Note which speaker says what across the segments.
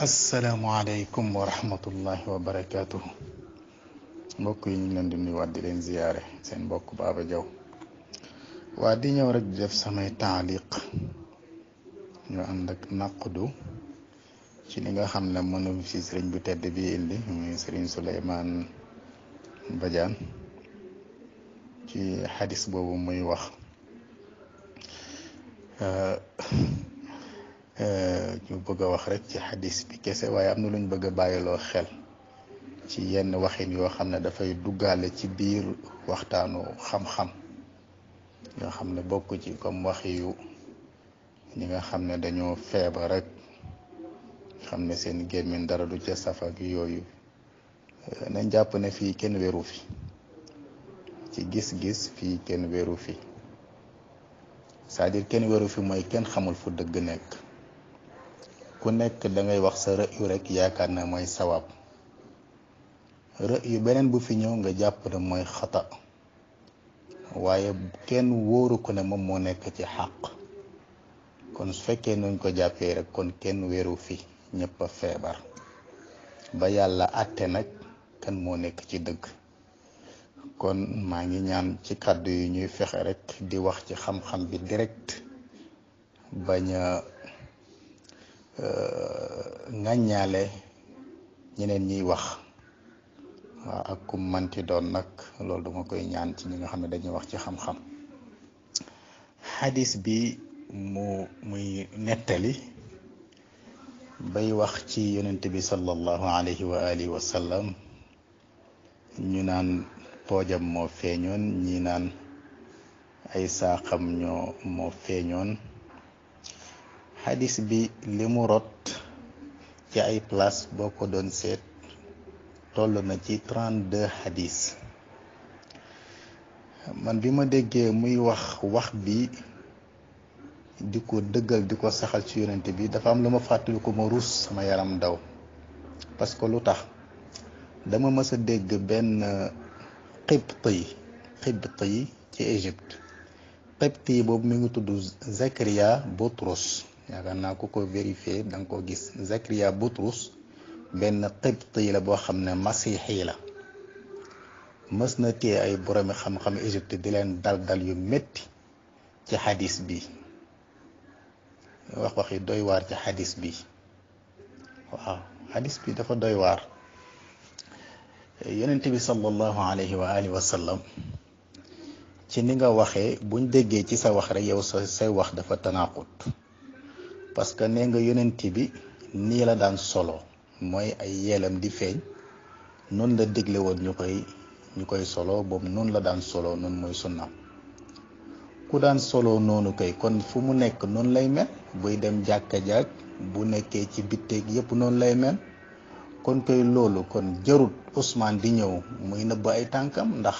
Speaker 1: asalaamualeykum wa rahmatullahi wa barakaatu. mbokk yi ñu ngi leen di nuyuwaat di leen ziyaare seen mbokk Baba Diaw waa di ñëw rek di def samay taaliq ñu ànd ak naqdu ci li nga xam ne mënu si sëriñ bu tedd bi indi muy sëriñ bajaan ci xadis boobu muy wax Euh, ñu bëgg a wax rek ci xadis bi kese waaye am na luñ bëgg a bàyyiloo xel ci yenn waxin yoo xam ne dafay duggaale ci biir waxtaanu xam-xam yoo xam ne bokk ci comme waxi ñi nga xam ne dañoo feebar rek xam ne seen gémmin dara du ca saf yooyu euh, nañ jàpp ne fii kenn wéru fi ci gis-gis fii kenn wéru fi cest à kenn wéru fi mooy kenn xamul fu dëgg nekk ku nekk dangay wax sa rëyu rek yaakaar na mooy sawaab rëyu beneen bu fi ñëw nga jàpp ne mooy xata waaye kenn wóoru ko ne moom moo nekk ci xàq kon su fekkee nuñ ko jàppee rek kon kenn wéeru fi ñëpp a feebar ba yàlla àtte nag kan moo nekk ci dëgg kon maa ngi ñaan ci kàddu yi ñuy fexe rek di wax ci xam-xam bi direct bañ ŋàññaale euh, ñeneen ñiy wax waaw ak kum manti doon nag loolu duma koy ñaan ci ñi nga xam ne dañuy wax ci xam-xam xadis bi mu muy nettali bay wax ci yonent bi sallallahu alayhi wa alihi wa ñu naan poojam moo feeñoon ñi naan ay saaxam ñoo moo feeñoon xadis bi li mu rot ci ay place boo ko doon seet toll na ci 32 xadis man bi ma déggee muy wax wax bi di ko dëggal di ko saxal ci yonent bi dafa am lu ma fàttali ko ma ruus sama yaram ndaw parce que lu tax dama mës a dégg benn xibt yi xibt yi ci Égypte xibt yi boobu mu ngi tudd Zakaria Boutros yaakaar naa ko ko vérifié danga nga ko gis Zakariya Butrus benn qibti la boo xam ne masiixi la mës na téye ay boromi xam-xam Égypte di leen dal-dal yu métti ci xadis bi wax waxi doy waar ci xadis bi waaw xadis bi dafa doy waar yonent bi sallallahu alayhi wa alihi ci ni nga waxee buñ déggee ci sa wax rek yow sa say wax dafa tanaaqut parce que nee nga yonent bi nii la daan solo mooy ay yeelam di feeñ noonu la dégle woon ñu koy ñu koy solo boobu noonu la daan solo noonu mooy sunnaam ku daan solo noonu kay kon fu mu nekk noonu lay mel buy dem jàkka-jàkk bu nekkee ci bitteeg yépp noonu lay mel kon koy loolu kon jarut Ousmane di ñëw muy nëbb ay tànkam ndax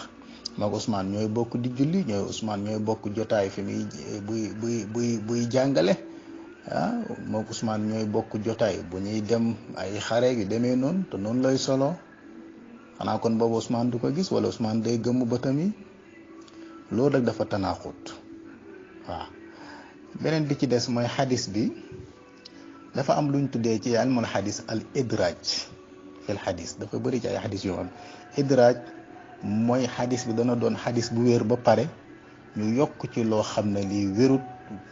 Speaker 1: moog Ousmane ñooy bokk di julli ñooy usmaan ñooy bokk jotaay fi muy buy buy buy buy jàngale ah mook Ousmane ñooy bokk jotaay bu ñuy dem ay xare yu demee noonu te noonu lay solo xanaa kon boobu Ousmane du ko gis wala Ousmane day gëmm bëtam yi loolu rek dafa tanaaxut waaw beneen bi ci des mooy xadis bi dafa am lu ñu tuddee ci almul xadis al idraaj fil xadis dafa bëri ci ay xadis yoo xam idraaj mooy xadis bi dana doon xadis bu wér ba pare ñu yokk ci loo xam ne lii wérut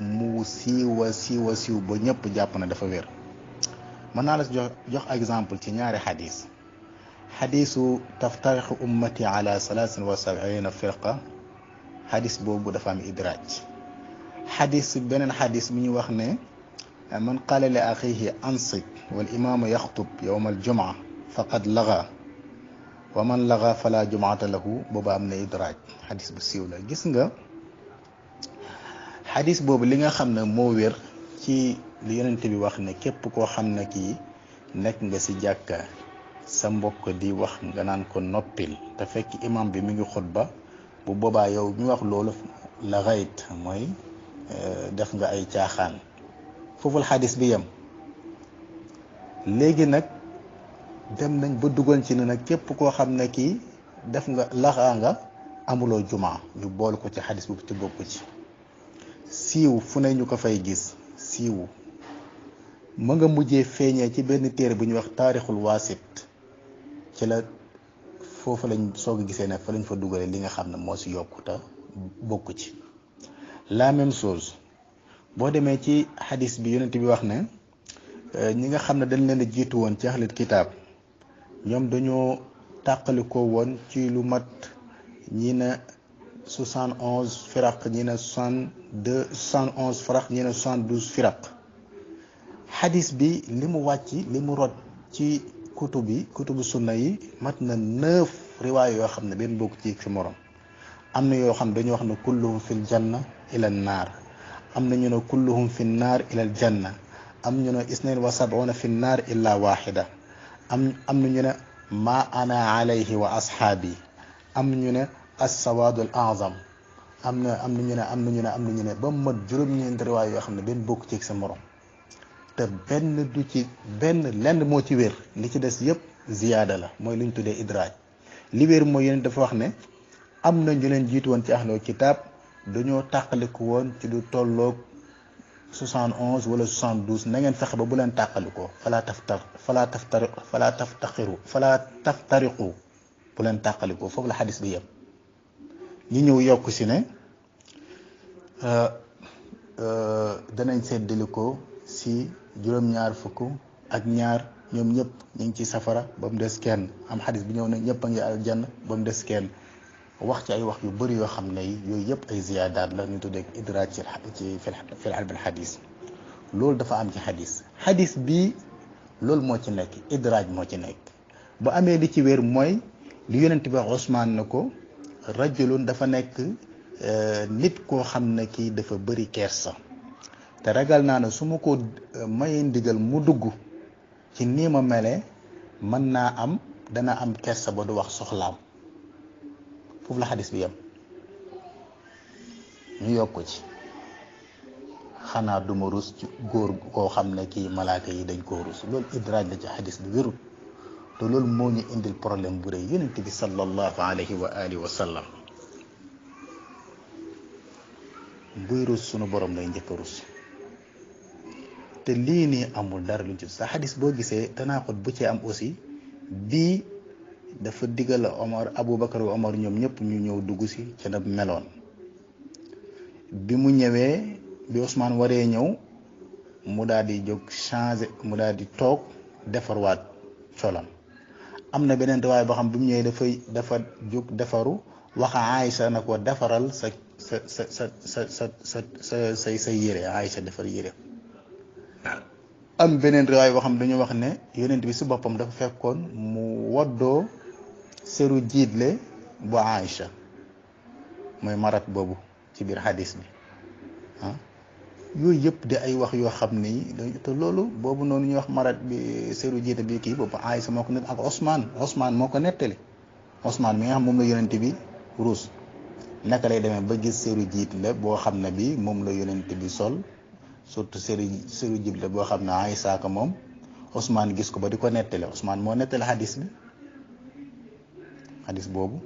Speaker 1: mu siiwa siiwa siiw ba ñëpp jàpp na dafa wér mën naa la jox jox exemple ci ñaari xadis xadisu taftariqu ummati ala salaasin wa sabiina firqa boobu dafa am idraaj xadis beneen xadis bu ñu wax ne man qaala li axihi ansit wal imaamu yaxtub yowma aljumaa faqad laga wa man laga fala jumaata lahu booba am na idraaj xadis bu siiw la gis nga xadis boobu li nga xam ne moo wér ci li yonent bi wax ne képp koo xam ne kii nekk nga ci jàkka sa mbokk di wax nga naan ko noppil te fekk imam bi mu ngi xutba bu boobaa yow mi wax loolu la xayit mooy euh, def nga ay caaxaan fooful xadis bi yam léegi nag dem nañ ba duggoon ci ne nag képp koo xam ne kii def nga laxaa nga amuloo jumaa ñu bool ko ci xadis boobu ci bokk ci siiw fu ne ñu ko fay gis siiw ma nga mujjee feeñee ci benn téere bu ñuy wax taarixul waasit ci la foofu lañ soo a gisee ne fa lañ fa dugalee li nga xam ne moo si yokkute bokk ci la même chose boo demee ci xadis bi yonent bi wax ne euh, ñi nga xam ne dañ leen jiitu woon ci axlit kitaab ñoom dañoo tàqalikoo woon ci lu mat ñi na 71 firaq ñi ne 62 71 firaq ñi ne 72 firaq xadis bi li mu wàcc li mu rot ci kutub yi kutubu sunna yi mat na neuf riwaay yoo xam ne benn bokk ci ci morom am na yoo xam dañu wax ne kulluhum fil janna ilal naar am na ñu ne kulluhum fi naar ilal janna am ñu ne wa sabuna fi naar illa waxida am am na ñu ne ma ana alayhi wa ashaabi am ñu ne assawaadul azam am na am na ñu ne am na ñu ne am na ñu ne ba mu mat juróom-ñeenti riwaay yoo xam ne benn bokk ci sa morom te benn du ci benn lenn moo ci wér li ci des yëpp ziyaada la mooy lu ñu tuddee idraaj li wér mooy yeneen dafa wax ne am na ñu leen jiitu woon ci ahlul kitaab dañoo tàqaliku woon ci lu tolloog 71 wala 72 na ngeen fexe ba bu leen tàqalikoo falaa taftar falaa taftar falaa taftaxiru falaa taftariqu bu leen tàqalikoo foofu la xadis bi yem. ñu ñëw yokk si ne euh, euh, danañ seddali ko si juróom-ñaar fukk ak ñaar ñoom ñëpp ñu ngi ci safara ba mu des kenn am xadis bi ñëw na ñëpp a ngi aljanna ba mu des kenn wax ci ay wax yu bëri yoo xam ne yooyu yëpp ay ziyaadaat la ñu tuddee idraaj ci ci fil albil xadis loolu dafa am ci xadis xadis bi loolu moo ci nekk idraaj moo ci nekk bu amee li ci wér mooy lu yonent bi wax Usmaan na ko rajulun dafa nekk euh, nit koo xam ne kii dafa bëri kersa te ragal naa ne su ma ko euh, mayee ndigal mu dugg ci nii ma melee mën naa am dana am kersa ba du wax soxlaam foofu la xadis bi yam ñu yokk ci xanaa duma rus ci góor koo xam ne kii malaaka yi dañ koo rus loolu idraaj la ci xadis bi wérul te loolu moo ñu indil problème bu rëy yonent bi sallallahu alayhi wa alihi wa sallam buy rus sunu borom lay njëkk a rus te lii nii amul dara lu ci sa xadis boo gisee tanaaxut bu ci am aussi bii dafa digal Omar Aboubacar wa Omar ñoom ñëpp ñu ñëw dugg si ca na meloon bi mu ñëwee bi Ousmane waree ñëw mu daal di jóg changé mu daal di toog defarwaat colam am na beneen riwaay boo xam bi mu ñëwee dafay dafa jóg defaru waxa Aïcha na ko defaral sa sa sa sa sa sa sa sa yére Aïcha yére ah. am beneen riwaay boo xam dañu wax ne yonent bi si boppam dafa fekkoon mu woddoo seru jiitle bu Aïcha mooy marat boobu ci biir xadis bi ah. yooyu yëpp di ay wax yoo xam ni te loolu boobu noonu ñuy wax marat bi seeru jiite bi kii boobu Aysa moo ko nett ak osmaan Ousmane moo ko nettali Ousmane mi nga xam moom la yonent bi ruus naka lay demee ba gis seeru jiit la boo xam ne bi moom la yonent bi sol surtout seeru seeru jiit la boo xam ne Aysa ko moom osmaan gis ko ba di ko nettali Ousmane moo nettali xadis bi xadis boobu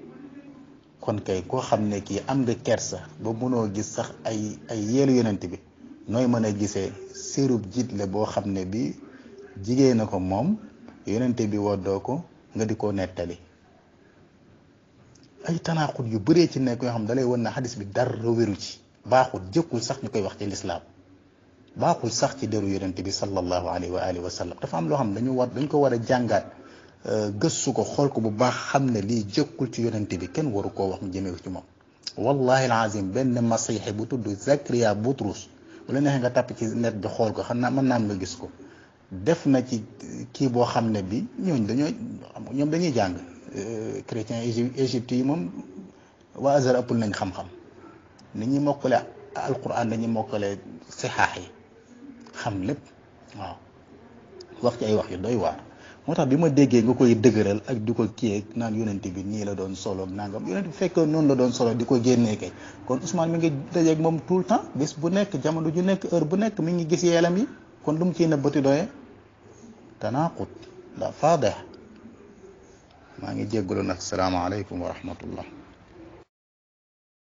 Speaker 1: kon kay koo xam ne kii am nga kersa ba mënoo gis sax ay ay yeelu yenent bi nooy mën a gisee sérub jiit la boo xam ne bi jigéen na ko moom yonente bi woddoo ko nga di ko nettali ay tanaaxut yu baree ci nekk yoo xam dalay wan na xadis bi dara wéru ci baaxul jëkkul sax ñu koy wax ci lislaam baaxul sax ci deru yonente bi sallallahu alayhi wa wa sallam dafa am loo xam dañu war dañ ko war a jàngaat euh, gëstu ko xool ko bu baax xam ne lii jëkkul ci yonente bi kenn waru koo wax mu jëmee ci moom wallahi alazim benn masiixi bu tudd Zakariya Butrus bu neexee nga tàpp ci net bi xool ko xam naa mën naa am nga gis ko def na ci kii boo xam ne bi ñooñ dañoo ñoom dañuy jàng euh, chrétien égypte yi moom waa Azhar ëppul nañ xam-xam ni ñuy mokkale alquran dañuy mokkale sixaax yi xam lépp waaw wax ci ay wax yu doy waa moo tax bi ma déggee nga koy dëgëral ak di ko kii naan yonent bi nii la doon solo nangam yonent bi fekk noonu la doon solo di ko génnee kay kon Ousmane mi ngi dajeeg moom tout le temps bés bu nekk jamono ju nekk heure bu nekk mu ngi gis yeelam yi kon lu mu ciy nëbbati doyee tanaqut la faade maa ngi jéggalu nag salaamaaleykum wa rahmatullah